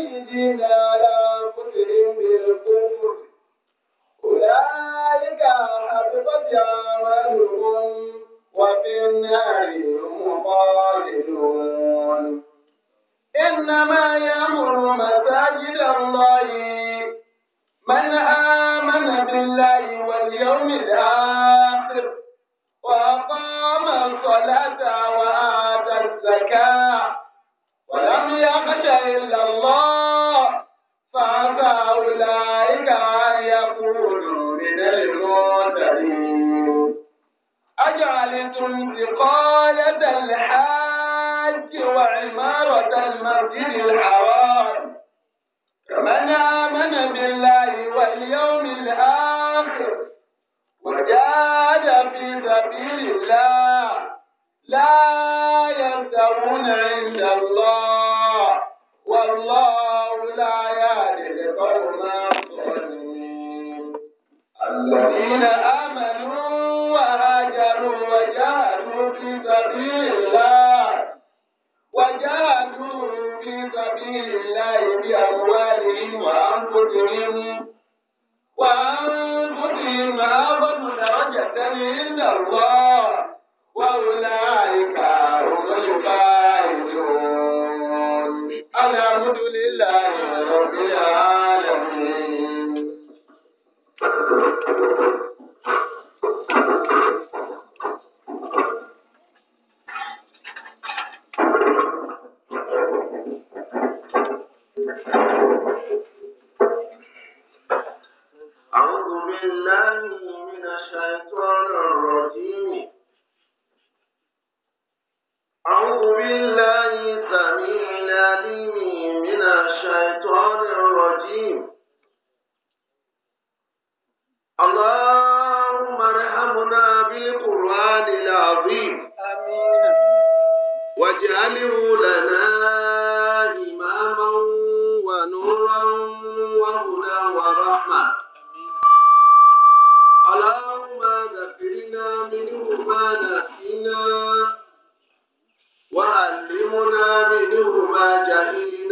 شاهدين على أنفسهم بالكفر أولئك حبطت أعمالهم وفي النار هم خالدون إنما يأمر مساجد الله من آمن بالله واليوم الآخر وأقام الصلاة وآتى الزكاة ولم يخش إلا الله أولئك أن يكونوا من المعتدين أجعلتم إقالة الحاج وعمارة المسجد الحرام كمن آمن بالله واليوم الآخر وجاهد في سبيل الله لا يستوون عند الله والله لا يهدي القوم الذين آمنوا وهاجروا وجاهدوا في سبيل الله وجاهدوا في سبيل الله بأموالهم وأنفسهم وأنفسهم أعظم درجة عند الله لله رب العالمين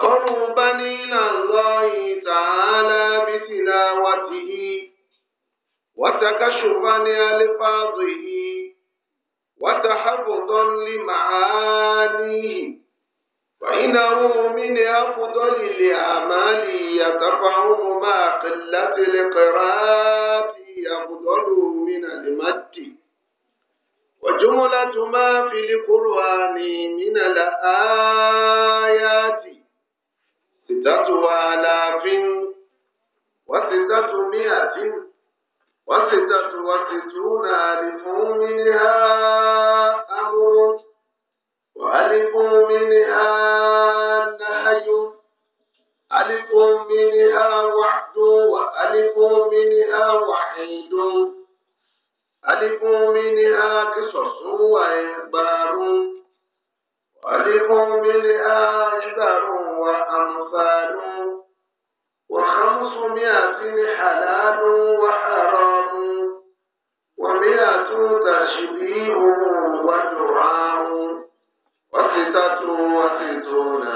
قربا إلى الله تعالى بتلاوته وتكشفا لألفاظه وتحفظا لمعانيه فإنه من أفضل الأعمال يتفهم مع قلة القراءة أفضل من المد وجملة ما في القرآن من الآيات mi aitatwatu na-adịụ mri ahaahụụ adịkọ mrin agha gụ adịkọ mmiri aghawa n'ọwa adịkọ mmiri ahụwaedo adịkọ mriri agha pisos nwa ya gbrụ وللمؤمن أجدر وأمثال وخمسمائة حلال وحرام ومائة تشبيه ودعاء وستة وستون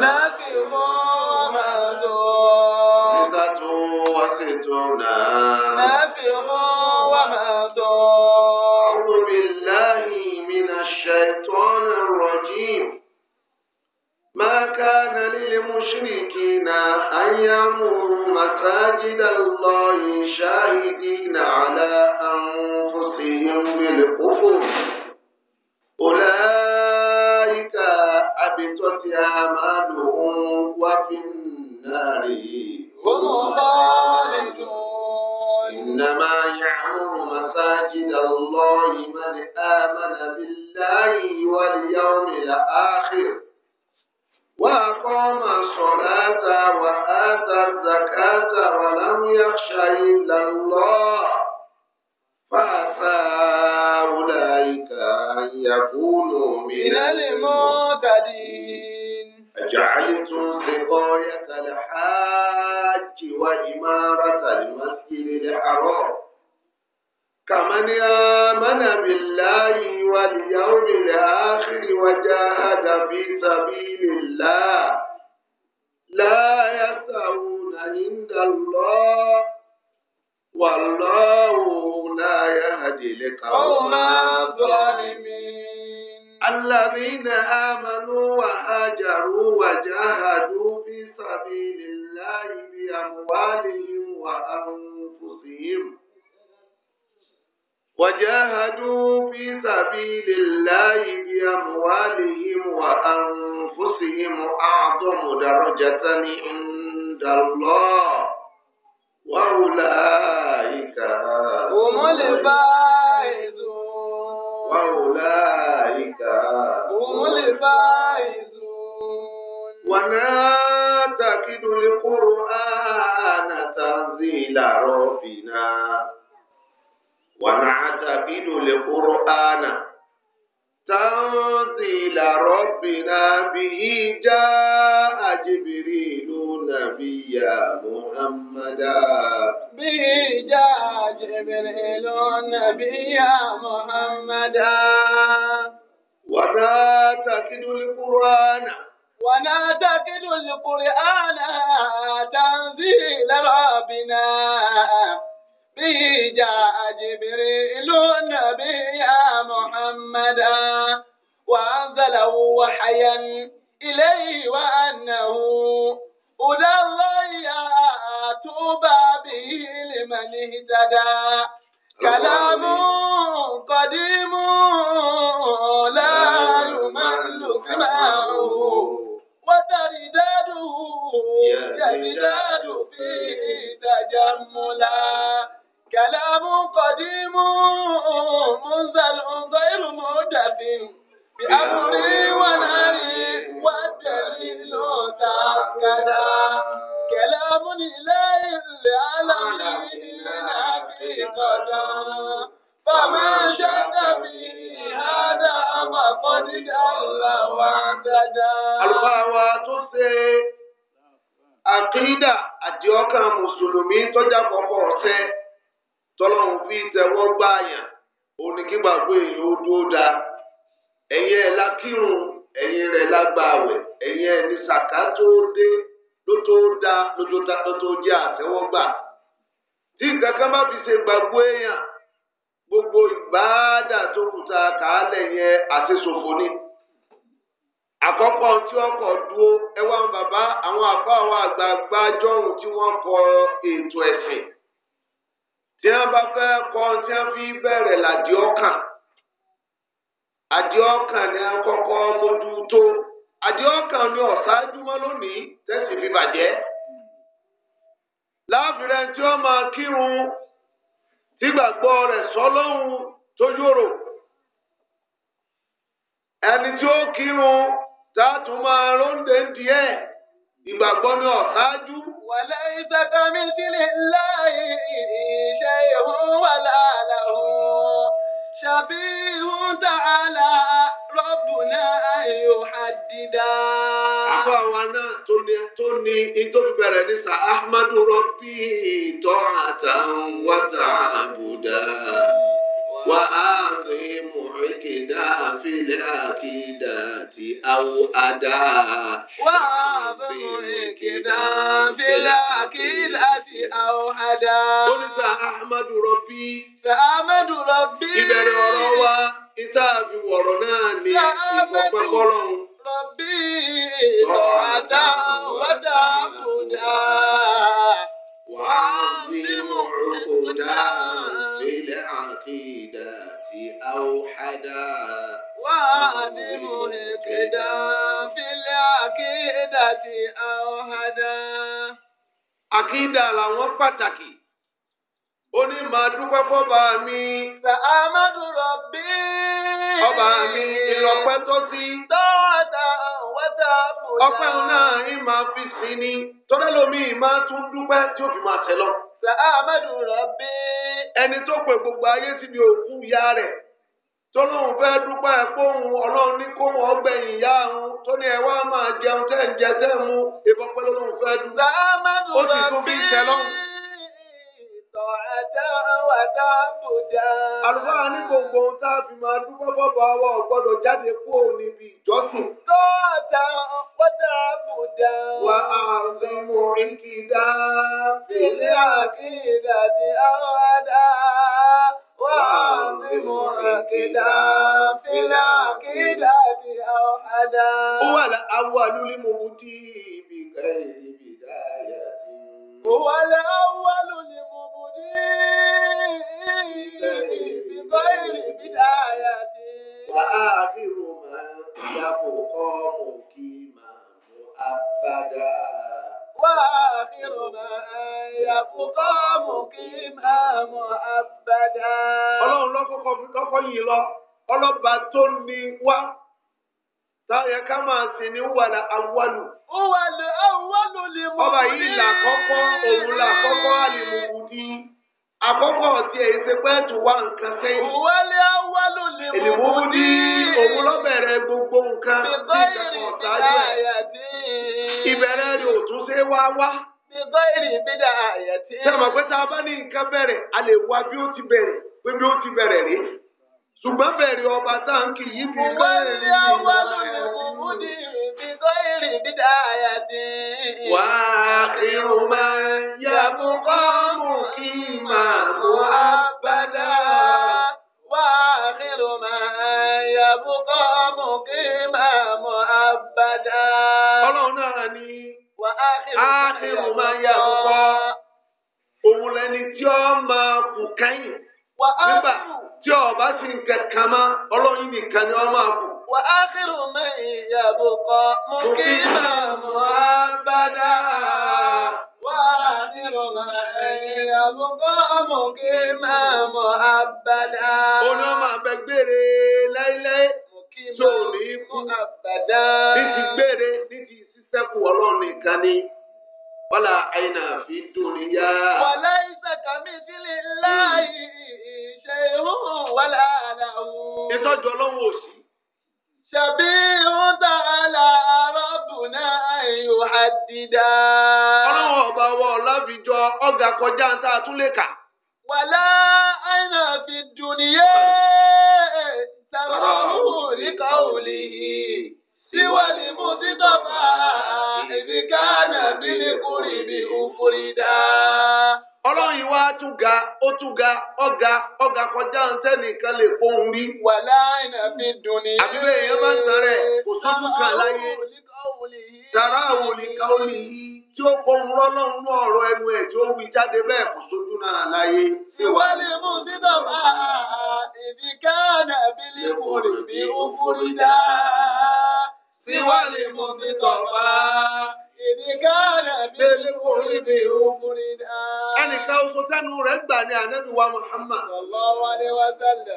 نكر ومدون ستة وستون نكر ومدون الشيطان الرجيم ما كان للمشركين أن يعمروا مساجد الله شاهدين على أنفسهم بالكفر أولئك حبطت أعمالهم وفي النار هم خالدون إنما يعمر مساجد الله من آمن بالله واليوم الآخر وأقام الصلاة وآتى الزكاة ولم يخش إلا الله فعسى أولئك أن يكونوا من المعتدين أجعلتم سقاية الحاج وإمارة المسجد الحرام كمن آمن بالله واليوم الآخر وجاهد في سبيل الله لا يسعون عند الله والله لا يهدي القوم الظالمين الذين آمنوا وهاجروا وجاهدوا في سبيل الله بأموالهم وأنفسهم وجاهدوا في سبيل الله بأموالهم وأنفسهم أعظم درجة عند الله وأولئك هم الفائزون أولئك هم الفائزون ونعتقد القرآن تنزيل ربنا ونعتقد القرآن تنزيل ربنا به جاء جبريل نبيا محمدا به جاء جبريل نبيا محمدا ونعتقد القرآن ونعتقد القرآن تنزيل ربنا به جاء جبريل النبي محمدا وأنزله وحيا إليه وأنه هدى الله توبى به لمن اهتدى كلام قديم لا يمل سماعه وترداده يزداد فيه تجملا كلام قديم منزل غير مودع بأمري وناري والدليل تأكدا كلام إلهي في حقيقة فما شك به هذا وقد دل واعتدى الخوات السيف àkídà àti مسلمين mùsùlùmí tọ́jà pọ̀pọ̀ ọ̀sẹ̀ tọ́lọ́run fi tẹ̀wọ́ gbá àyàn òní kí gbàgbọ́ èèyàn ó dúró da ẹ̀yin ẹ̀ la kírun ẹ̀yin rẹ̀ la gba àwẹ̀ ẹ̀yin ẹ̀ ní sàká tó dé ló tó da lójó da ló tó jẹ́ àtẹ́wọ́gbà tí nǹkan kan bá fi ṣe gbàgbọ́ èèyàn gbogbo ìbáàdà tó kùtà kàálẹ̀ yẹn àti ṣòfò ni àkọ́kọ́ tí wọ́n kọ̀ dúró ẹwà bàbá àwọn àbá àwọn àgbààgbà jọ̀hún tí wọ́n kọ ètò ẹ̀sìn tí wọ́n bá fẹ́ kọ́ tí wọ́n fi bẹ̀rẹ̀ làdí ọkàn àdí ọkàn ni wọ́n kọ́kọ́ mójú tó àdí ọkàn ni ọ̀ṣáájú mọ́ lónìí tẹ́sí fi bàjẹ́ láàbìrẹ tí wọ́n máa kírun tígbàgbọ́ rẹ̀ sọ́lọ́hún tó yòrò ẹni tí ó kírun tá máa róńdè ń di ẹ̀ ìgbàgbọ́ náà ṣáájú. wàlẹ́ ìsàkà mi sílẹ̀ láì ṣe ìhun wà láàlà ṣàbí ìhun tààlà rọ́bùnà ayò àdìdá. àbọ̀ àwa náà tó ní tó ní ijó bẹ̀rẹ̀ ní sà ahmadu rọ́bì ìtọ́ àtàwọn wàtà àbùdá. وآقم عكدا في العقيدة أو أداء وآقم عكدا في العقيدة أو أداء قل فأحمد ربي فأحمد ربي إبن وروا إتابي ورناني إفوك ورناني ربي طاعة وتعبدا وعظم عقدا في العقيدة أوحدا وعدم الكدا في العقيدة أوحدا àkídà làwọn pàtàkì ó ní màá dúpẹ́ fọ́ba mi. sàmàdù rọ̀bì. ọba mi ìlọpẹ́ tó sí. tọ́wọ́tà wọ́tà bùdá. ọpẹ́ náà ń máa fi sí ni tọ́lá lomi máa tún dúpẹ́ tí ó fi máa tẹ̀ lọ. sàmàdù rọ̀bì. ẹni tó pè gbogbo ayé síbi òkú ya rẹ̀ tọ́lọ́hún fẹ́ dúpẹ́ ẹ̀kọ́hún ọlọ́run ní kóhun ọgbẹ̀yìn ìyá ọ̀hún tó ní ẹ wá máa jẹun tẹ́ ń jẹ tẹ́ mu ìfọ̀pẹ́ lọ́lọ́run fẹ́ dùn. ó sì tún fi ìtẹ́ lọ́hùn. àlùfáà ní gbogbo ohun tá a fi máa bọ́bọ̀ àwọ̀ gbọ́dọ̀ jáde ìjọsìn. واعظم عقدا في العقيدة أوحدا هو الأول لمبدي بغير بداية هو الأول لمبدي بغير بداية وآخر من يبقى مقيما مؤبدا وآخرنا ما يبقى مقيما مؤبدا. ọlọ́run lọ́kọ́kọ́ lọ́kọ́ yìí lọ ọlọ́ba tó ní wá táyà ká máa sìn ní wàlà awwalu. wàlà awwalu lè mú un ní. ọba yìí là òun là àlè mú un àkọ́kọ́ ti ẹ̀ ṣe pé tù wá nǹkan sẹ́yìn. wálé wá ló lè mú mú ní. òun ló bẹ̀rẹ̀ gbogbo nǹkan tí ìjọba ọ̀tá yẹ. ìbẹ̀rẹ̀ rẹ̀ ò tún ṣe wá wá. ìgbọ́ ìrì ìbílẹ̀ àyàtí. sẹ́mi pé tá a bá ní nǹkan bẹ̀rẹ̀ a lè wá bí ó ti bẹ̀rẹ̀ pé bí ó ti bẹ̀rẹ̀ rí ṣùgbọ́n bẹ̀rẹ̀ ọba táǹkì yìí fi bẹ́ẹ̀ ní ìwà ẹ̀yìn. wà á irun máa yẹ kọ́ mú kí màá mú abada. wà á irun máa yẹ kọ́ mú kí màá mú abada. ọlọ́run náà ni wà á irun máa yẹ kọ́ òun lẹni tí ó máa kù kẹ́yìn nígbà tí ọba sì ń kankan mọ́ ọlọ́yin nìkan ni wọ́n máa kù. wà á kírun náà ìyàbò kọ mú kí màmú á bá dá. wà á kírun náà ìyàbò kọ mú kí màmú á bá dá. ó ní wọn máa bẹ gbére láíláí tó ní kú ní ti gbére ní ti sísẹ́kù ọlọ́run nìkan ni. wọ́n la àyìnà fi dùn níyà. wọ́n láyé sàkàmì sílẹ̀ láàyè ṣe ìhùn wàlá àdáwò. ìtọ́jú ọlọ́run ò sí. ṣàbí ń ta àlà arábùnà ayò àdìdá. ọba wa ọ̀làbíjọ ọ̀gá kọjá ń ta àtúnlẹ̀ká. wàlá àìnà fi dùnìyẹ sàrọ̀hùn ní káwùlì síwájú mú títọ́ bá ìdíkà nàbí ní kúrìbì òkúrìdá. ọlọ́run ìwà tún ga ó tún ga ọ̀gá ọ̀gá kọjá nìkan lè fóun rí. wàlá ìnàbí dùn ní. àbí bẹ́ẹ̀ yẹn ń sọ̀rọ̀ kò sọ́tún kan láyé. tí ó fóun rọ́lọ́run ní ọ̀rọ̀ ẹnu ẹ̀ tí ó wí jáde bẹ́ẹ̀ kò sójú náà láyé. ìwádìí mú káàdà bílí bí ó ìwádìí mú Ẹnìkan oṣù tẹ́nu rẹ̀ gbà ní ànábì Muhammad.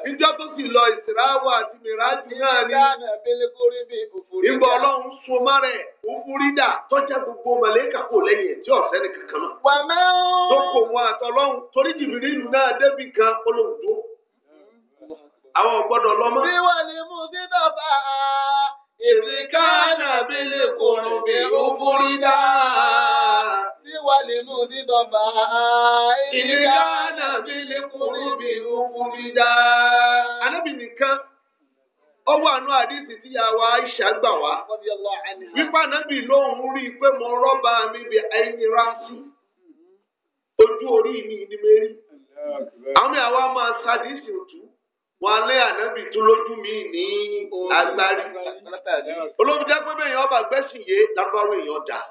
Ìjọ tó ti lọ ìsìráwà àti mìíràjì náà ni. Ìgbọ̀ ọlọ́run sun márẹ̀ òfurida tó jẹ́ gbogbo màlẹ́kà kò lẹ́yìn ẹ̀jẹ̀ náà. Tó kò wọn torí jìbìrì ìlú náà kan olóòdó. Àwọn Bí ní mú sí إذ كان بالقرب مفردا ولمذنب إذ كان بالقرب مفردا Ànábì nìkan ó wà nínú àdìsí tí yàwá Aisha gbà wa. wípé Anabi lóhùn rí i pé mo rọ́bà mi bí ẹni oju ojú orí mi ni mo rí àwọn ìyàwó máa òtún wọn anabi ànábì tó lójú mi ní agbárí olóbi jẹ pé bẹyìn ọba gbẹsìn yé lárúbáwá èèyàn dà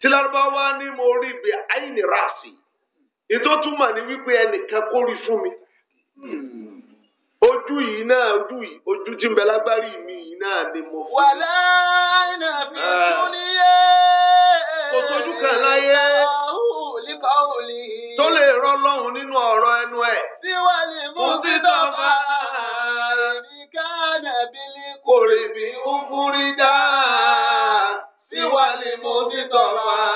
tí lárúbáwá ní mo rí ibi àyìnì ráàsì fún mi ojú yìí náà ojú yìí ojú tí ń mi yìí náà ni mo fún wàlẹ́ àìnà fi tún ah. níyé. kò sójú kan láyé. tó lè lọ́hùn nínú ọ̀rọ̀ ẹnu ẹ̀. مصطفى كان بالقرب مفردا سوى المصطفى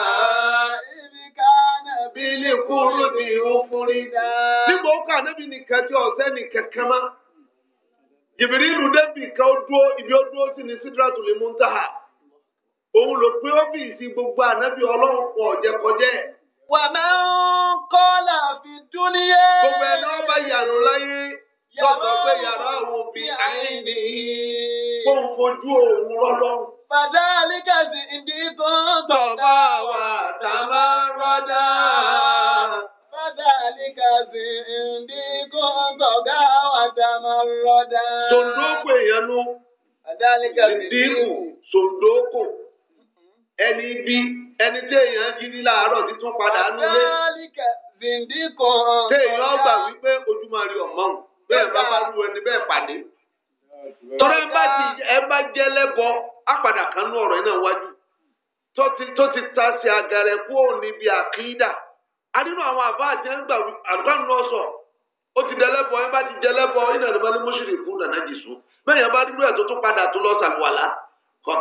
Kúrúbì òfurida. Nígbà ó kà níbi nìkan tí ọ̀sẹ́ nìkan kan mọ́. Jìbìrì ìlú débì kan ó dúró ibi ó dúró sí ní Sidratul Muntaha. Òun ló pé ọ́fíìsì gbogbo ànábì ọlọ́run pọ̀ jẹkọjẹ. Wàmẹ́ sọ pé yàrá òun bí àìní. Kó ń fojú òun rọ́lọ́run. Bàdá Alikasi ìdí tó ń tọ̀gbà wà tàbá rọ́dà. Bàdá Alikasi ìdí tó ń tọ̀gbà wà tàbá rọ́dà. Tòǹdókò èèyàn ló. Bàdá Alikasi ìdí kù. Tòǹdókò. Ẹni bí ẹni tí èèyàn jí ní làárọ̀ títún padà nulẹ̀. Bàdá Alikasi ìdí kan. Téèyàn gbà wípé ojúmọ́ rí ọ̀mọ́rùn bẹ́ẹ̀ bá bá lu ẹni bẹ́ẹ̀ pàdé tọ́lá ẹ bá ti ẹ bá jẹ́ lẹ́bọ apàdà kan nú ọ̀rọ̀ iná wájú tó ti ta sí agarẹ kú òní bíi àkídà a nínú àwọn àbá àti ẹgbà àdúgbò náà sọ ó ti dẹlẹ́bọ ẹ bá ti jẹlẹ́bọ iná ìdàgbà ní mọ́ṣúrì fún nàná jìṣú bẹ́ẹ̀ yẹn bá dúró ẹ̀ tó tún padà tó lọ sàlùwàlá kò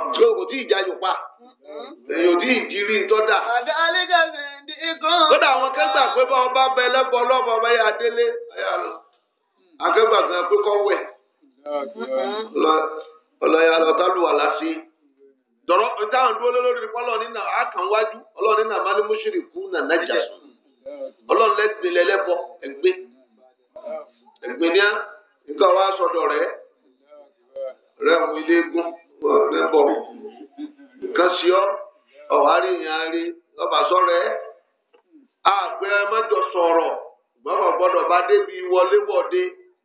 tí ì já yòó pa èyàn tí ì jírí ń tọ́da. kódà àwọn kẹgbà pé bá ọba bẹ lẹ́bọ lọ́bọ̀ ọba yà délé akẹgbà gan pé kọ wẹ ọlọyà ya láti dọrọ táwọn dúró lórí pọlọ nínà àkànwájú Ọlọ́run nínà málímúṣírì kú nànà jàsùn ní à nǹkan wa sọ́dọ̀ rẹ rẹ ń ilé gún rẹ nǹkan sí ọ ọ̀hárí yẹn ọba sọ̀rọ̀ ẹ àgbẹ̀ sọ̀rọ̀ gbọ́dọ̀ gbọ́dọ̀ bá débi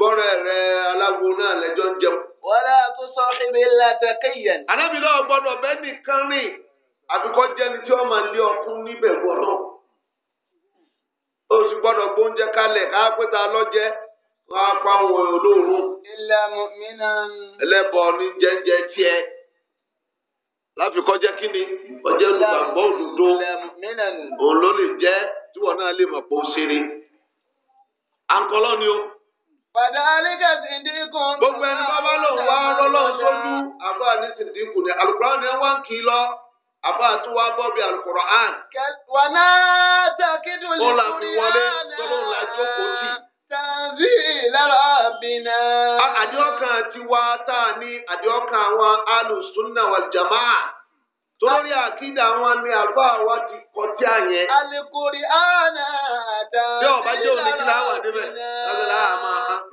bọ́rẹ̀ rẹ aláwo náà lẹ́jọ́ ń jẹun. wàlá tó sọ ibi lẹ́tẹ̀ kéèyàn. anábì náà gbọ́dọ̀ bẹ́ẹ̀ nìkan rìn tí wọ́n máa lé ọkùn níbẹ̀ gbóúnjẹ ká á pa àwọn olóòórùn. ilẹ̀ ẹlẹ́bọ̀ ní jẹ́jẹ́ tiẹ̀ láfi kọjá kíni olùgbàgbọ́ òun ló jẹ́ tí ni o. Bàdá Alíkà Sìndínkù. Gbogbo ẹni bábá lòun wá rọ́lọ́run sójú. Àbá ní Sìndínkù ni Àlùkùránì ni wọ́n ń kí lọ. Àbá tún wá bọ́ bí Àlùkùránì. Wà náà tàkìdù lè kúrì náà. Ó fi wọlé tọ́lọ́run la jókòó tì. Tàbí lára bìnà. Àdìọ́kàn tiwa tá a ní àdìọ́kàn àwọn alùsùn náà wal jàmáà torí àkídà wọn ni àbá wa ti kọjá yẹn. alekori ana da bí ọba jẹ òní kí láwà débẹ àmà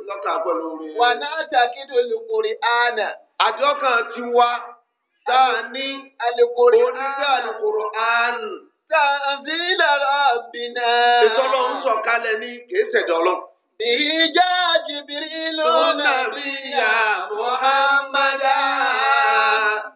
lọkà pẹ̀lú rẹ. wà náà dàkídò lukuri ana. àjọkàn ti wá tá a ní alekori ana ana. tàbílà rabbina. ìtọ́lọ́ ń sọ kalẹ̀ ní kìí ṣẹ̀dọ̀ ìjà jìbìrì lónà bíyà muhammadu.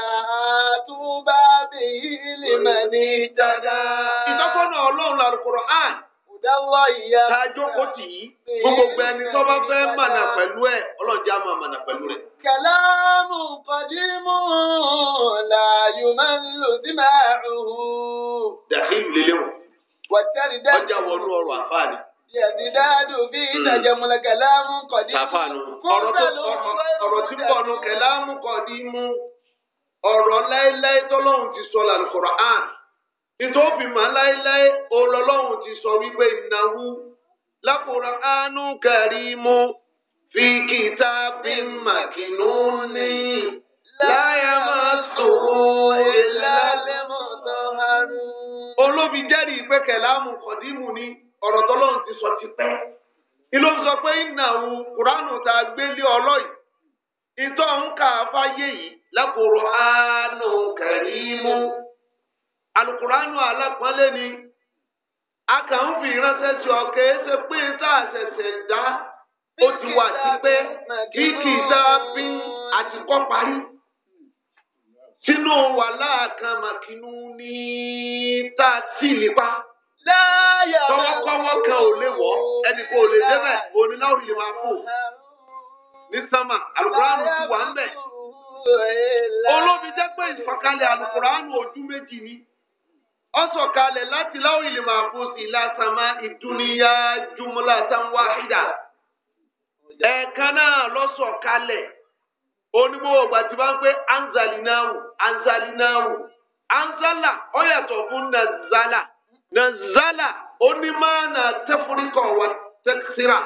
ní dada. ìtọ́sọ́nà ọlọ́run la Al-Qur'an. ìdáwọ́ ìyá. tájọ́ kò tì í fún gbogbo ẹni tó bá fẹ́ mànà pẹ̀lú ẹ̀ ọlọ́jà máa mànà pẹ̀lú rẹ̀. kàlámù kọ́dímù làyò máa ń lò sí máa rù. dàhílù lélẹ́wọ̀n. wàtẹ́rì dá. ọjà wọnú ọrọ̀ àfáàní. Yẹ̀dídáàdù bí ìtàjẹmúlẹ̀ kẹlámù kọ̀dí. Tàfàánù. Ọ̀rọ̀ tó ọ̀rọ̀ tí ń bọ̀ nù nítorí mà láéláé olọ́lọ́run ti sọ wípé ìnáwó lákòrò àánú kàrímù fi kìtà bí màkìnú ní láyà máa sòwò ìlàlẹ́mọ̀tọ́ àrùn. olóbi jẹ́rìí pé kẹ̀láàmù kọ̀dímù ni ọ̀rọ̀ tọ́lọ́run ti sọ pé ìnáwó kùránù a ìtọ́ ń fáyé yìí lákòrò alukuraanu alápọ̀nlé ni a kàn ń fi ìránṣẹ́ sí ọ kéése pé tá a ṣẹ̀ṣẹ̀ dá ó ti wà sí pé kí kì í dáa bí àti kọ́ parí sínú wàhálà kan màkínú ní tá a sì nípa tọwọ́kọ́wọ́ kan ò lè wọ́ ẹnì kan lè débẹ̀ oníláwò yìí máa kù ní sámà alukuraanu ti wà ń bẹ̀ olómi jẹ́ pé ìfọ̀kalẹ̀ alukuraanu ojú méjì ni ọsọkalẹ láti láwọn ìlìmọ àkóso ìlàsàmà ìdúnìyà jumlatan wahida ẹ̀ẹ̀kan náà lọsọkalẹ onígbòwò gbàtí bá ń pé anzalinahu anzalinahu anzala ọyàtọ̀ fún nazala nazala onímọ̀nà tẹfúrikọ̀ wa tẹsíra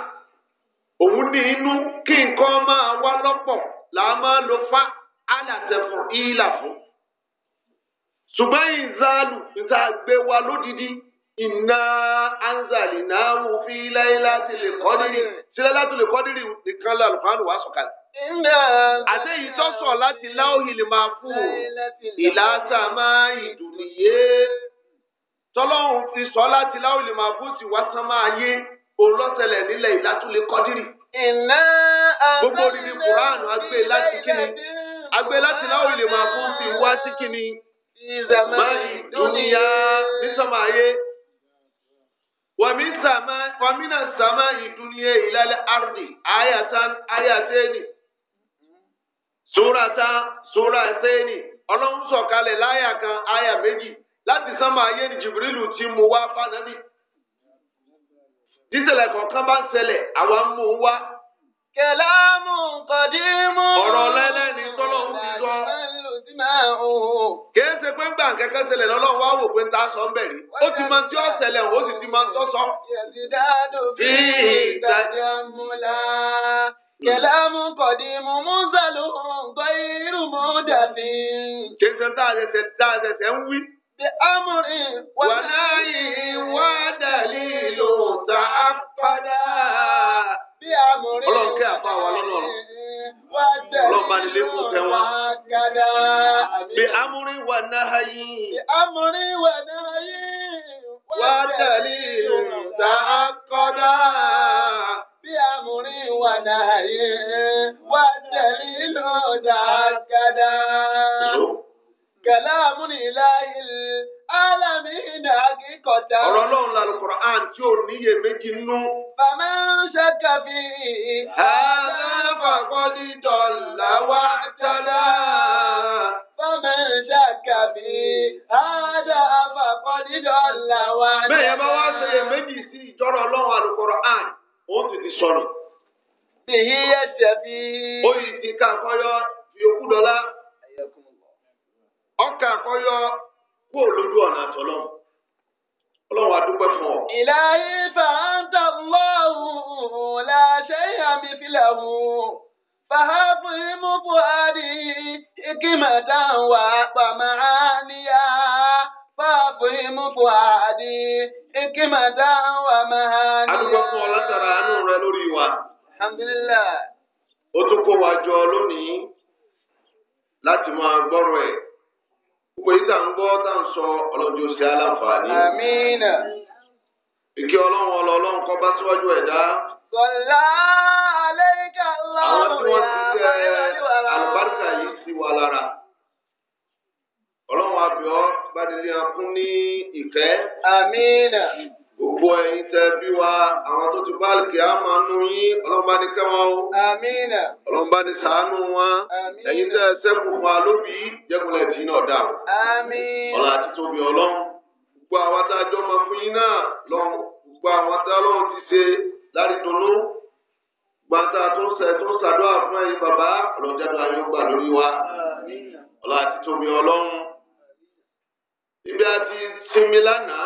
òun ní inú kí nǹkan máa wá lọ́pọ̀ làá máa lo fa alàtẹ̀fọ̀ ìlà fún ṣùgbọ́n ìzálù níta gbé wa lódìdí iná anzali náà wù fi láyélá ti lè kọ́dírì sílẹ́lá tó lè kọ́dírì nìkan lọ àlùfáàlù wàá sọ̀kalẹ̀. àti èyí tó sọ láti láòhì lè máa fún un ìlàsà máa ìdùnnìyé tọ́lọ́hún fi sọ láti láòhì lè máa fún sí wàásán máa yé òun lọ́sẹ̀lẹ̀ nílẹ̀ ìlàtúlẹ̀ kọ́dírì. iná anzali náà gbogbo òdìdí kùránù agbé láti kíni agbé láti láòhì lè máa fún sí sí kíni mali dúnìyà nísọmọ ayé wàmínà sàmá ìdúnìyà ìlàlẹ̀ ardi ayatan ayatẹ́ni sórata sóratẹ́ni ọlọ́run sọ̀kalẹ̀ láyà kan àyà méjì láti sánmà ayé ni Jibrilu ti mú wá fánàbí dísẹ̀lẹ̀ kọ̀ọ̀kan bá ń ṣẹlẹ̀ àwa ń mú un wá. kẹlámù kọ̀dímù. ọ̀rọ̀ lẹ́lẹ́ni tọ́lọ́hún ti sọ kìí ṣe pé gbà kẹ́kẹ́ ṣẹlẹ̀ lọ́lọ́run wá wò pé ń ta sọ ń bẹ̀rẹ̀ ó ti máa tí ó ṣẹlẹ̀ ó sì ti máa ń tọ́ sọ. bí ìdájọ́ múlá kẹlẹ́mú kọ̀dìmù irú mú dàbí. kìí ṣe tá a ṣẹ̀ṣẹ̀ ń wí. bí amúrí wàlá yìí wá dàlí lò tá padà. bí amúrí wàlá yìí wá dàlí padà ọlọ́ba nílé kò tẹ wọn. bí amúrí wà náà yìí. bí amúrí wà náà yìí. wá tẹ̀lé ìrùntà kọ́dá. bí amúrí wà náà yìí. wá tẹ̀lé ìrùntà kọ́dá. kàlámù ní láyé alámi ní akíkọ̀tà. ọ̀rọ̀ ọlọ́run lálùkọ̀rọ̀ tí ò níyè méjì nú. Bàbá ṣe kàfi àbáfàkọ́lì dọ̀là wá tọ́lá. Bàbá ṣe kàfi àbáfàkọ́lì dọ̀là wá tọ́lá. Bẹ́ẹ̀ yẹn bá wá ṣe yẹ méjì sí ìjọ́rọ̀ ọlọ́run àlùkòrò àn, ó ti ti sọnù. Ìyí yẹ tẹ̀bi. Ó yìí ti ká àkọ́yọ yòókù dọ́lá. Ọkà àkọ́yọ kúrò lójú ọ̀nà àtọ̀lọ́run ọlọ́run adúpẹ́ fún ọ. ìlàyé fàáńtà lọ́hùn-ún làṣẹ àmì fìlàhùn fàáfìmù fúadì ìkìmọ̀tà wà pàmàníyà fàáfìmù fúadì ìkìmọ̀tà wà màníyà. adúpẹ́ fún ọ látara àánú rẹ lórí wa. alhamdulillah. ó tún kó wa jọ lónìí láti máa gbọ́rọ̀ ẹ̀ gbogbo yìí tá ń gbọ́ tá ń sọ ọlọ́dún ó aláǹfààní. àmínà. ìkí ọlọ́run ọlọ́run kọ́ bá síwájú ẹ̀dá. sọlá aláìka lọ́rùn àwọn tí wọ́n ti tẹ àlùbáríkà yìí sí wa lára. ọlọ́run àbíọ́ bá délé akún ní ìfẹ́. àmínà. Gbogbo ẹ̀yin tẹ bí wa, àwọn tó ti bá àlùkè á máa nu yín, ọlọ́run ní kẹ́ o. Àmínà. Ọlọ́run ní ṣàánú wọn. Àmínà. Ẹ̀yin tẹ ṣẹ́kù wa lóbi, jẹ́kunlẹ̀ tí náà dà o. Àmín. àti tóbi ọlọ́run. Gbogbo àwọn tá a jọ máa fún yín náà lọ́run. Gbogbo àwọn tá a lọ́run ti ṣe lárídùnnú. Gbàtà tó ń sẹ̀ tó ń ṣàdúrà fún ẹ̀yin bàbá, ọ̀lọ́jàdùn ayọ̀ gbà lórí wa. Àmín. Ọlá àti tóbi ọlọ́run. Ibi àti sinmi lánàá.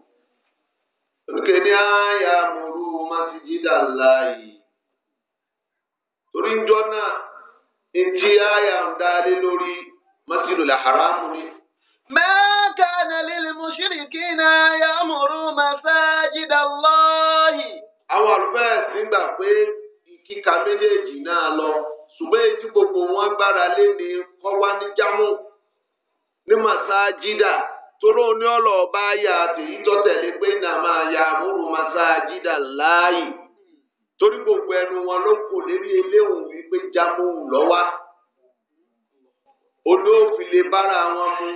Nkèdè àyà múrú masijida láàyè. Torí njọ́ náà, etí àyà ń dálé lórí masjidu làhàrámù ni. Ma kana lil mushrikina ya'muru masajida Allahi. Àwọn àlùfẹ́ ẹ̀sìn gbà pé kíka méjèèjì náà lọ ṣùgbọ́n èyí tí gbogbo wọn gbára lé ní kọ́wá ní jámù ní tóró ní ọ̀lọ́ ọba ayé àtèyí pe na ma ya masa ajida láàyè torí gbogbo ẹnu wọn ló kò lérí eléhùn wípé jámóhùn lọ́wọ́ olóòfin lè bára wọn mu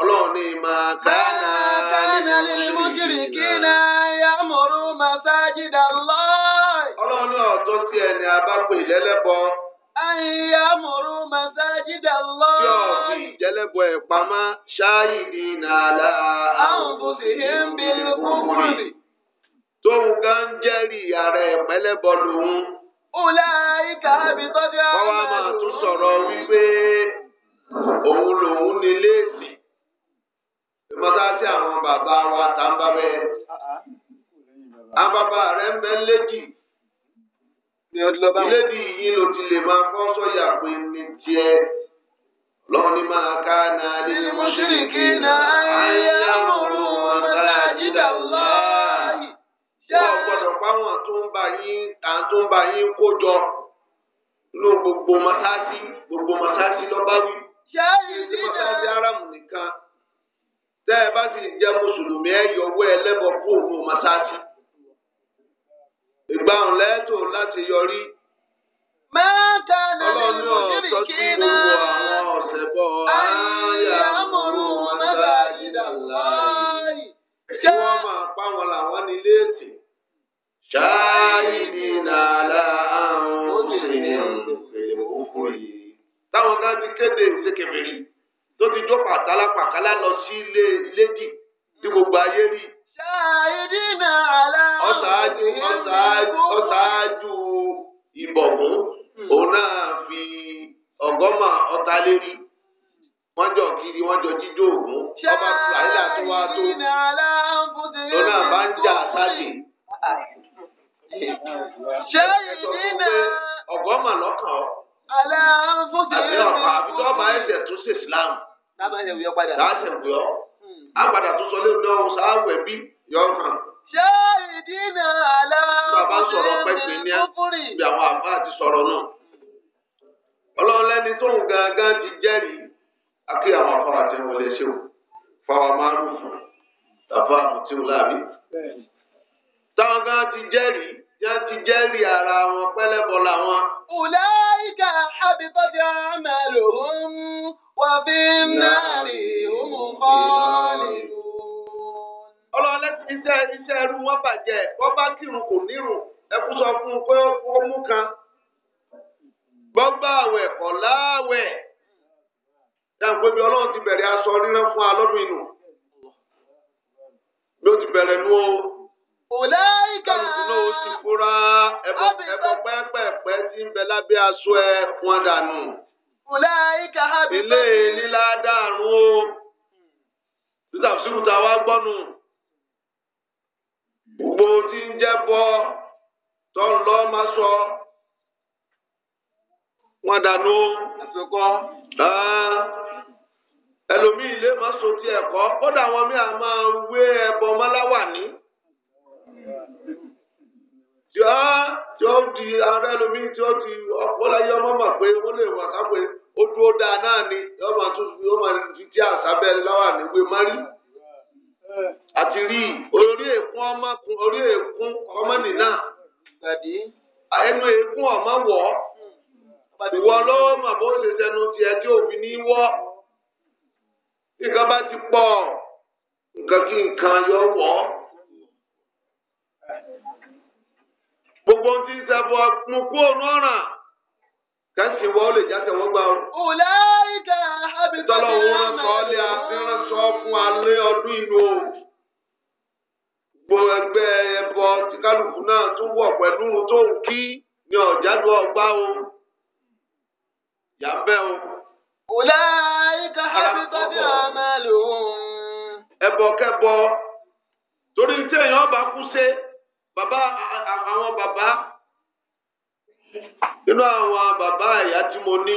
ọlọ́run ní máa kánà kánà lil mushrikina ya'muru masájídà Allah. ọlọ́run ní ọ̀tọ́ sí ẹni abápè lẹ́lẹ́bọ̀ọ́. يعمر مساجد الله جلبوا يقام máa tún sọ̀rọ̀ wípé òun ilé bí yìí ló ti lè máa kọ́ sọ́yà pé mi jẹ́ lọ́wọ́ ní máa ká náà lé ní mọ́ṣíríkì náà ayé amúrú mọ́sáàjìdá wọ́n gbọ́dọ̀ páwọn tó ń bá yín tó ń bá yín kó jọ inú gbogbo mọ́sáàsì gbogbo mọ́sáàsì lọ́ba wí. ṣé ìdí náà mọ́sáàsì aráàmù nìkan tẹ́ ẹ bá sì jẹ́ mùsùlùmí ẹ̀ yọwọ́ ẹlẹ́bọ̀ fóònù mọ́sáàsì ìgbàhùn lẹ́tò láti yọrí. mẹ́ta náà ni mo ní kí n náà. àwọn ọ̀sẹ̀ bọ̀ ayé amòrú mẹ́ta ìdàlá yìí. kí wọ́n máa pa wọn làwọn ní léètì. ṣááyì ni nàlá àwọn òṣèlú òkú yìí. táwọn kan ti kéde ìsekèrè tó ti jó pàtàlápàtàlá lọ sí ilé lédì tí gbogbo ayé rí i ṣáàyídínà aláàbò ọ̀ṣáájú ìbọ̀gún hmm. òun náà fi ọgọ́mà ọ̀tàlérí wọ́n jọ kiri wọ́n jọ jíjó ògún ọba àyílà tó wá tó lọ́nà bá ń jà sáàdì. ṣáàyídínà ọgọ́mà lọ́kàn ọ́ àbí ọ̀pá àbí tó ọba ẹ̀jẹ̀ tó ṣe Islam. láti ẹ̀wùyọ́ padà. láti ẹ̀wùyọ́ àgbàdà tó sọ lóòótọ́ sáwẹ̀ bí yọ̀ hàn. ṣé ìdí náà aláwọ̀ bá sọ̀rọ̀ pẹ̀sìn ní ibi àwọn àfa àti sọ̀rọ̀ náà. ọlọ́run lẹ́ni tó ń gangan ti jẹ́rìí akí àwọn afa àti wọlé ṣe o fáwọn márùn fún tàfà àmùtí o láàbí. táwọn gan ti jẹ́rìí yẹn ti jẹ́rìí ara wọn pẹ́lẹ́bọ̀ làwọn. ùlẹ́ ìka àbíkọ́ ti àmàlò ń. وفي النار هم خالدون. ọlọ́run lẹ́sìn iṣẹ́ iṣẹ́ ẹrú wọn bàjẹ́ wọ́n bá kírun kò nírun ẹkú sọ fún un pé ó mú kan gbọ́gbà àwẹ̀ kọ̀ láàwẹ̀ dáàbò bí ọlọ́run ti bẹ̀rẹ̀ aṣọ ríran fún wa lọ́dún inú ló ti bẹ̀rẹ̀ nú o. Òlẹ́yìnká ló ti fura ẹ̀bọ̀ pẹ́pẹ́pẹ́ tí ń bẹ lábẹ́ aṣọ ẹ̀ wọ́n dànù. Ọláyíká hábí lè ní ládàrún o. Títà sùúrù tá a wá gbọ́nu. Gbogbo tí ń jẹ́ bọ́ tó ń lọ́ máa sọ. Wọ́n dànù. Àfikọ́. Ẹlòmíì lè má so ti ẹ̀kọ́. Kódà àwọn míì á máa wé ẹbọ mọ́láwà ní. tí ó di ara ẹlòmí tí ó ti ọpọláyé ọmọ mà pé ó lè wà o ó dúró dáa náà ni yóò máa tún fi máa fi jẹ́ àsábẹ́ láwà márì àti rí orí èkún ọmọ orí èkún ọmọ nìna ẹnu èkún ọmọ wọ ìwọ mà bó ṣe sẹnu tí ní wọ nǹkan bá ti nǹkan kí nǹkan yọ wọ. gbogbo ohun tí ń sẹ́fọ́ mú kú òun ọ̀ràn kẹ́sì wọ́n lè jáde wọ́n gbà ọ́. ọ̀lẹ́ ìkà àbíkọ́ tọ́lọ́ wọn sọ lé àfihànsọ fún alẹ́ ọdún ìlú o. gbogbo ẹgbẹ́ ẹbọ tí kálukú náà tún wọ̀ pẹ̀lú tó ń kí ni ọ̀jádùn ọgbà o. yàbẹ́ o. ọ̀lẹ́ ìkà àbíkọ́ tí a máa lò ó. ẹbọ kẹbọ torí tí èèyàn bá kú sí bàbá àwọn bàbá nínú àwọn bàbá ìyá tí mo ní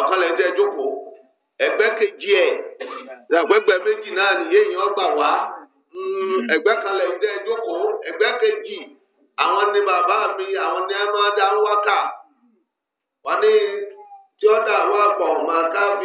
ọ̀kanlẹ̀ tẹ́ jókòó ẹgbẹ́ kejì ẹ̀ méjì náà nìyé yìí ọgbà wá hmm, ẹgbẹ́ kanlẹ̀ ẹgbẹ́ kejì àwọn ní bàbá mi àwọn ní ẹ̀ma ní tí ó dà pọ̀ máa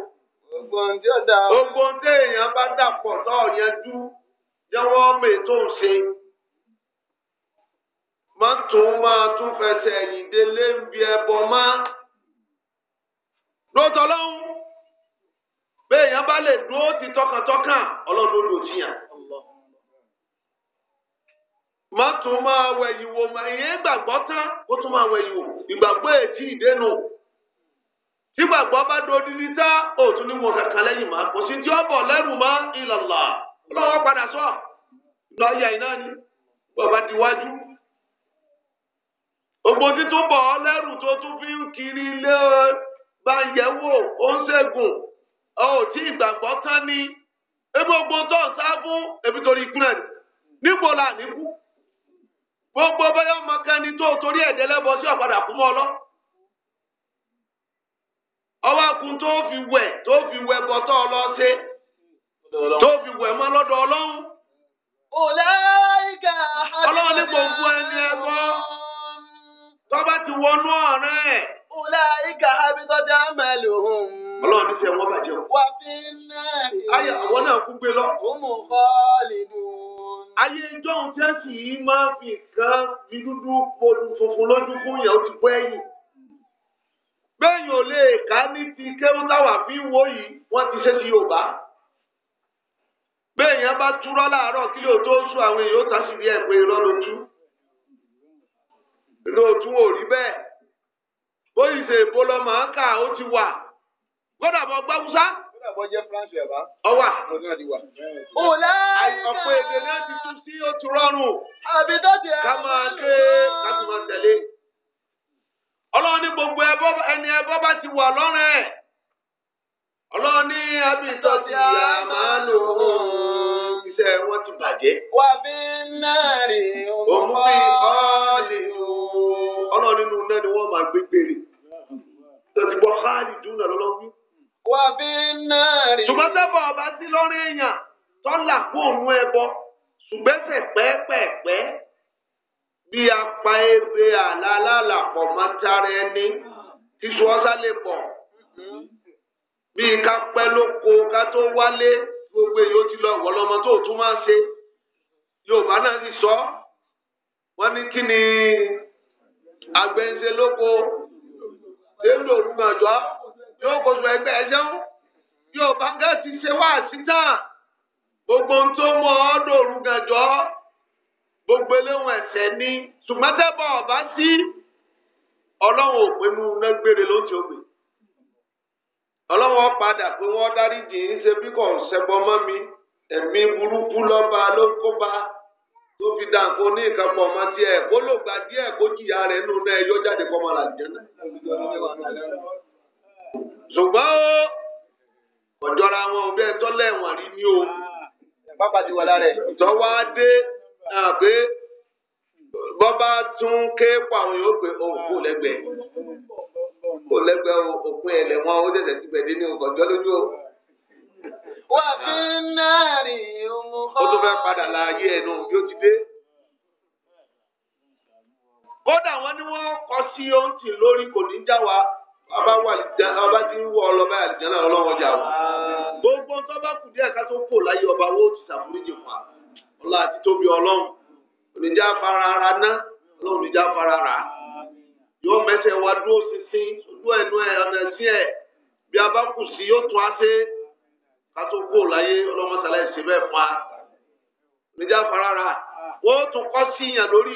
ohun tí ó dá. Gbogbo ohun tí èèyàn bá dàpọ̀ náà yẹn dú yọwọ́ mètò ń ṣe. Má tún máa tún fẹsẹ̀ ẹ̀yìn délé ń bi ẹbọ mọ́. Lóòótọ́ lọ́hùn, béèyàn bá lè dúró ti tọkàntọkàn ọlọ́run ló lò jiyàn má tún máa wẹ̀yìn wò mọ̀ ìyẹn gbàgbọ́ tán kó tún máa wẹ̀yìn wò ìgbàgbọ́ ètí ìdénù tígbàgbọ́ bá do dídí tá òtún ní wọn kankan lẹ́yìn mọ́ kò sí tí ó bọ̀ lẹ́rù mọ́ ìlàlá lọ́wọ́ padà sọ lọ́ọ̀yà iná ni bàbá diwájú. ògbó títún bọ̀ ọ́ lẹ́rù tó tún fi ń kiri bá yẹ wò ó gbogbo bẹ́ẹ̀ tó torí sí ọ̀padà ọwọ́ akun tó fi wẹ̀ tó fi wẹ̀ bọ́tọ̀ ọlọ́sẹ̀ tó fi wẹ̀ mọ́ lọ́dọ̀ ọlọ́run. ọlọ́ọ̀nìkà ọlọ́run ní gbogbo ẹni ẹ̀kọ́ tọ́ba ti wọnú ọ̀rẹ́ ẹ̀. ọlọ́ọ̀nìkà abidọ́jà mẹ́lò hùn. ọlọ́run ní tiẹ̀ wọ́n bàjẹ́ o. wà á fi náà. ayé àwọn náà kú gbé lọ. ó mú kọ́ọ̀lì nù. ayé ìjọ́hun tí wọ́n máa fi kan fi dúdú funfun lójú fún ìyàwó ti pẹ́ yìí gbẹ̀yìn ò lè kà á ní ti kéwú táwa fi ń wo yìí wọ́n ti ṣe ti Yorùbá gbẹ̀yìn bá túrọ́ láàárọ̀ kí yóò tó sùn àwọn èèyàn ó ta sí ilé ẹ̀pẹ́ irọ́ lójú lóòtú ò rí bẹ́ẹ̀ bóyì ṣe èbó lọ́mọ ká ó ti wà gbọ́dọ̀ bọ́ gbáwúsá. gbọ́dọ̀ bọ́ jẹ́ France ẹ̀bá. ọwà òlẹ́ ọ̀pọ̀ èdè náà ti tún sí ó ti rọrùn. àbí tó ti ẹ̀ ká máa ké ká sì máa tẹ̀lé ọlọ́run ní gbogbo ẹni ẹbọ bá ti wà lọ́rùn ẹ̀ ọlọ́run ní abitọ́ ti yá máa lò ó iṣẹ́ wọn ti bàjẹ́. wà á fi náà rè òun fi ọ́ọ̀lì o. ọlọ́run nínú náà ni wọ́n máa gbé gbére tẹ̀sí bọ́ káàdì dúnà lọ́lọ́wí. wà á fi náà rè. ṣùgbọ́n sẹ́fọ̀ ọba sí lọ́rùn èèyàn tọ́lá kó òun ẹbọ ṣùgbẹ́sẹ̀ pẹ́ẹ́pẹ́ẹ́pẹ́ bí apá ebe àlàlà pọ̀ mọ́ tara ẹni kí sọ́sá lè pọ̀ bí ká pẹ́ lóko ká tó wálé gbogbo èyí ó ti lọ wọ̀lọ́mọ tó tún máa ṣe Yorùbá náà sì sọ wọ́n ní kí ni agbẹ́nsẹ̀ lóko lélò olùgbàjọ́ yóò kó sọ ẹgbẹ́ ẹ̀jẹ̀ ń Yorùbá ṣe wá sí náà gbogbo ohun tó mọ ọ́ dòrú gbogbo eléwọn ẹ̀ṣẹ̀ ní sùmọ́tẹ́bọ̀ ọ̀bá sí ọlọ́run òpin mú lẹ́gbẹ̀rẹ̀ ló ti ògbè ọlọ́run padà pé wọ́n dárí jìn ṣe bí kò ṣẹbọ mọ́ mi ẹ̀mí burúkú lọ́ba ló kóba tó fi dànkó ní ìkápọ̀ ọmọ tiẹ̀ kó ló gba díẹ̀ kó jìyà rẹ̀ nù náà ẹ̀yọ́ jáde kọ́ ọmọlá jẹ́ náà. ṣùgbọ́n ó ọ̀jọ̀ra wọn ò bẹ́ẹ̀ tọ́lẹ̀ wọ̀n rí o. pápá dé Ah, pé bọ́bá tún ké pa àwọn yòó pé òun oh, kò lẹ́gbẹ̀ẹ́ kò lẹ́gbẹ̀ẹ́ òpin ẹ̀lẹ̀ wọn ó tẹ̀sẹ̀ síbẹ̀ dé ní ọjọ́ lójú o. wà á fi náírì ìhùn kọ́. ó tún fẹ́ padà la ayé ẹnu bí ó ti dé. kódà wọn ni wọn kọ sí ohun tì lórí kò ní já wa ọba wà ọba ti ń wọ ọlọba àlìjáná ọlọ́wọ́jà o ah. gbogbo ń tọ́ bá kù díẹ̀ ká tó kò láyé ọba wo ti ṣàforíjì fún wa. ọlá àti tóbi ọlọ́run oníjà fara ara ná ọlọ́run oníjà fara ara yóò mẹsẹ̀ wá dúró sísìn ojú ẹnu ẹ ọ̀nà sí ẹ bí a bá kù sí yóò tún á sí ká kú láyé ṣe bẹ́ẹ̀ pa. oníjà fara wọ́n tún kọ́ sí yàn lórí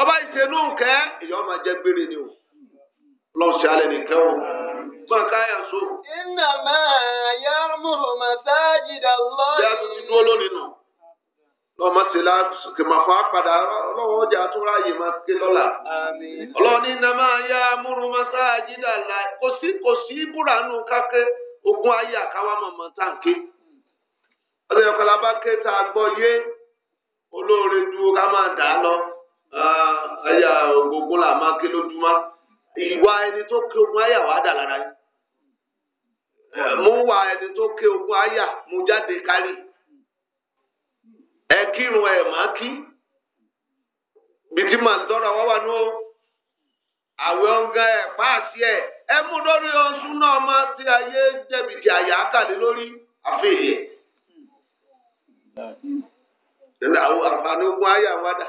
ọba ìṣèlú Nke, ịyọ ọmọ jẹ gbére ni o lọ́sẹ̀ alenike nìkẹ́ o máa ká yà so. iná máa yá múrò màsáàjìdá lọ́yìn. bí a ti dúró lónìí nù lọ́mọ sí la kìmọ̀ fà padà ọlọ́wọ́ ọjà tó ráàyè máa ké lọ́la. ọlọ́ọ̀ni iná máa yá múrò la kò sí kò sí ogun ayé àkáwá mọ̀mọ́ táǹkì. ọlọ́yọ̀kọ̀lá ké tá a gbọ́ yé olóore lọ. àyà ah, ògógún là máa ma lójúmọ́ ìwà ẹni tó ogun aya wàá dà lára yìí eh, wà ẹni tó ogun àyà jáde kárí ẹ kírun ẹ máa kí bìtì màá dọ́rọ̀ wá wà nù àwẹ̀ ọ̀gá ẹ̀ páàsì ẹ̀ ẹ mú lórí oṣù náà má ti ayé jẹ̀bìtì àyà kàlẹ́ lórí Àwọn àǹfààní ogun àyà wá dà.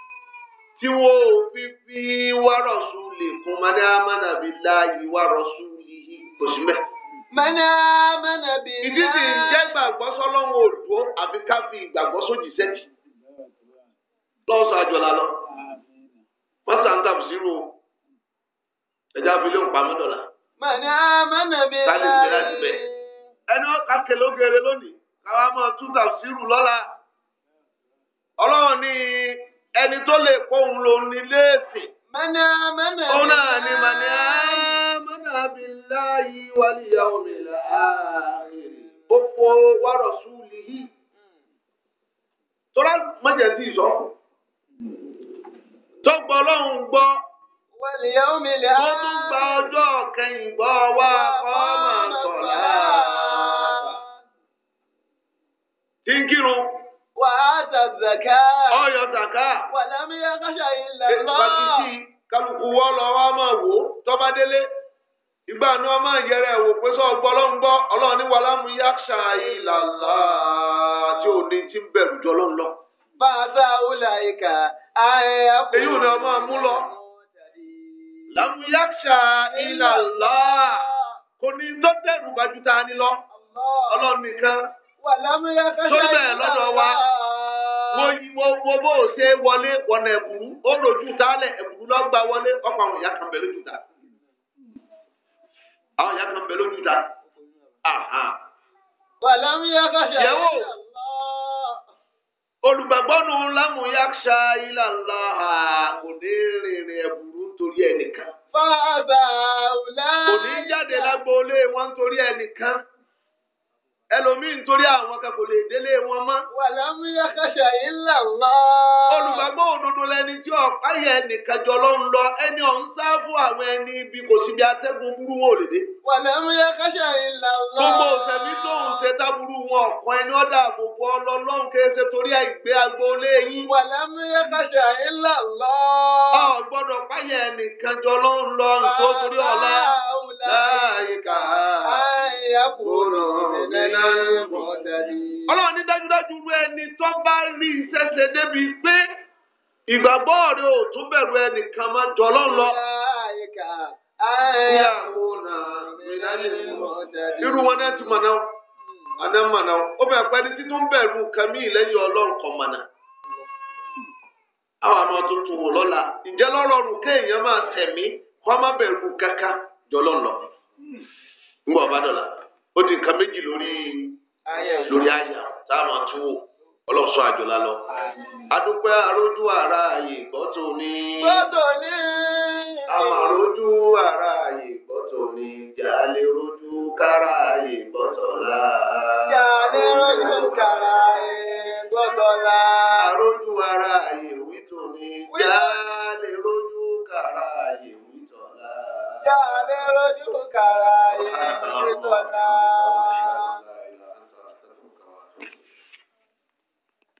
tí wọn ò fi fi wárọ̀sù lè kún mọ́nà mọ́nà bíi láàyè wárọ̀sù yìí kò sí mẹ́. mọ́nà mọ́nà bíi láàyè. ìdí sì ń jẹ́ gbàgbọ́ sọ́lọ́run òdùó àfi ká fi ìgbàgbọ́ sójìṣẹ́ tì. lọ́sọ̀ àjọlá lọ. mọ́tà ń tàbí sírò ẹja fi lóun pamọ́ dọ̀la. mọ́nà mọ́nà bíi láàyè. ká lè gbé láti ẹni wọn ká kẹlẹ́ ó lónìí káwá mọ́ tún ẹni tó lè pọ òun ló ní léèsì. mẹ́nà mẹ́nà òun náà ni mẹ́nà billahi wal ó fọ tọ́lá mọ̀jẹ̀ sí tó gbọ́ gbọ́. wọ́n tún zaka. ọyọ zaka. wàlámi akáṣà ilẹ̀ lọ. pàtìsí kálukú wọ́ lọ wá máa wò tọ́ba délé. ìgbà ni wọ́n máa wò pé sọ gbọ́ ní ilẹ̀ lọ tí ti ń bẹ̀rù jọ lọ. bàtà ọ̀là ìkà ayé àpò. èyí ò ní ọmọ mú lọ. ilẹ̀ ni lọ. ọlọ́run nìkan. wa. mo mo bó o ṣe wọlé ọ̀nà ẹ̀bùrú ó lójú dálẹ̀ ẹ̀bùrú lọ́ gba wọlé ọkọ̀ àwọn ìyá kan bẹ̀ lójú dá àwọn ìyá kan bẹ̀ lójú dá. wàlámù yá kàṣà yẹwò olùgbàgbọ́nù lámù yá ilà ńlá kò ní rìnrìn ẹ̀bùrú torí ẹnìkan. fáàbà ọ̀la. kò ní jáde lágbo ilé wọn torí ẹnìkan ẹlòmíín nítorí àwọn kan kò lè délé wọn mọ́. wàlámù yá kàṣà yìí là lọ. olùgbàgbọ́ òdodo lẹni tí ọ̀páyà ẹnìkan jọ ló ń lọ ẹni ọ̀hún sá fún àwọn ẹni ibi kò síbi atẹ́gùn burú wọn ò lè dé. wàlámù yá kàṣà yìí là lọ. gbogbo òsèmí tóun ṣe táburú wọn ọ̀kan ẹni ọ̀dà àbòbò ọlọ́lọ́run kì ṣe torí àìgbé agboolé yín. wàlámù ọlọ́run ní dájúdájú rú ẹni tó bá rí iṣẹ́ ṣe débi pé ìgbàgbọ́ rẹ ò tún bẹ̀rù ẹnìkan máa jọ lọ́lọ́. irú wọn náà ti mọ̀nà àná mọ̀nà ó bẹ̀rẹ̀ pẹ́ ní títún bẹ̀rù kàmí lẹ́yìn ọlọ́run kan mọ̀nà. àwọn àmọ́ tuntun wò lọ́la ǹjẹ́ kéèyàn máa tẹ̀mí ó di nǹkan méjì lórí lórí àyà tá a máa tún ọlọ́sọ àjọlá lọ. adúpẹ́ arójú ara ní. gbọ́tò ní. àmàrójú ara ààyè gbọ́tò ní. jàlè rojú kára ààyè gbọ́tò la. jàlè rojú kára ààyè la. àrójú ara ààyè ní. كان رجل كراهي